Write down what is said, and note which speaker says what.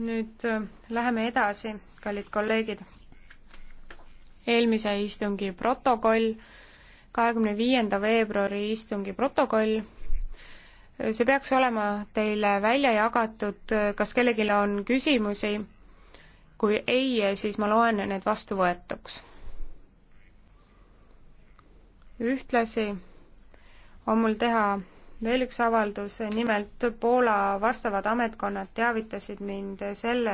Speaker 1: nüüd äh, läheme edasi, kallid kolleegid. eelmise istungi protokoll, kahekümne viienda veebruari istungi protokoll. Äh, see peaks olema teile välja jagatud, äh, kas kellelgi on küsimusi? kui ei, siis ma loen need vastuvõetuks. ühtlasi on mul teha veel üks avaldus, nimelt Poola vastavad ametkonnad teavitasid mind selle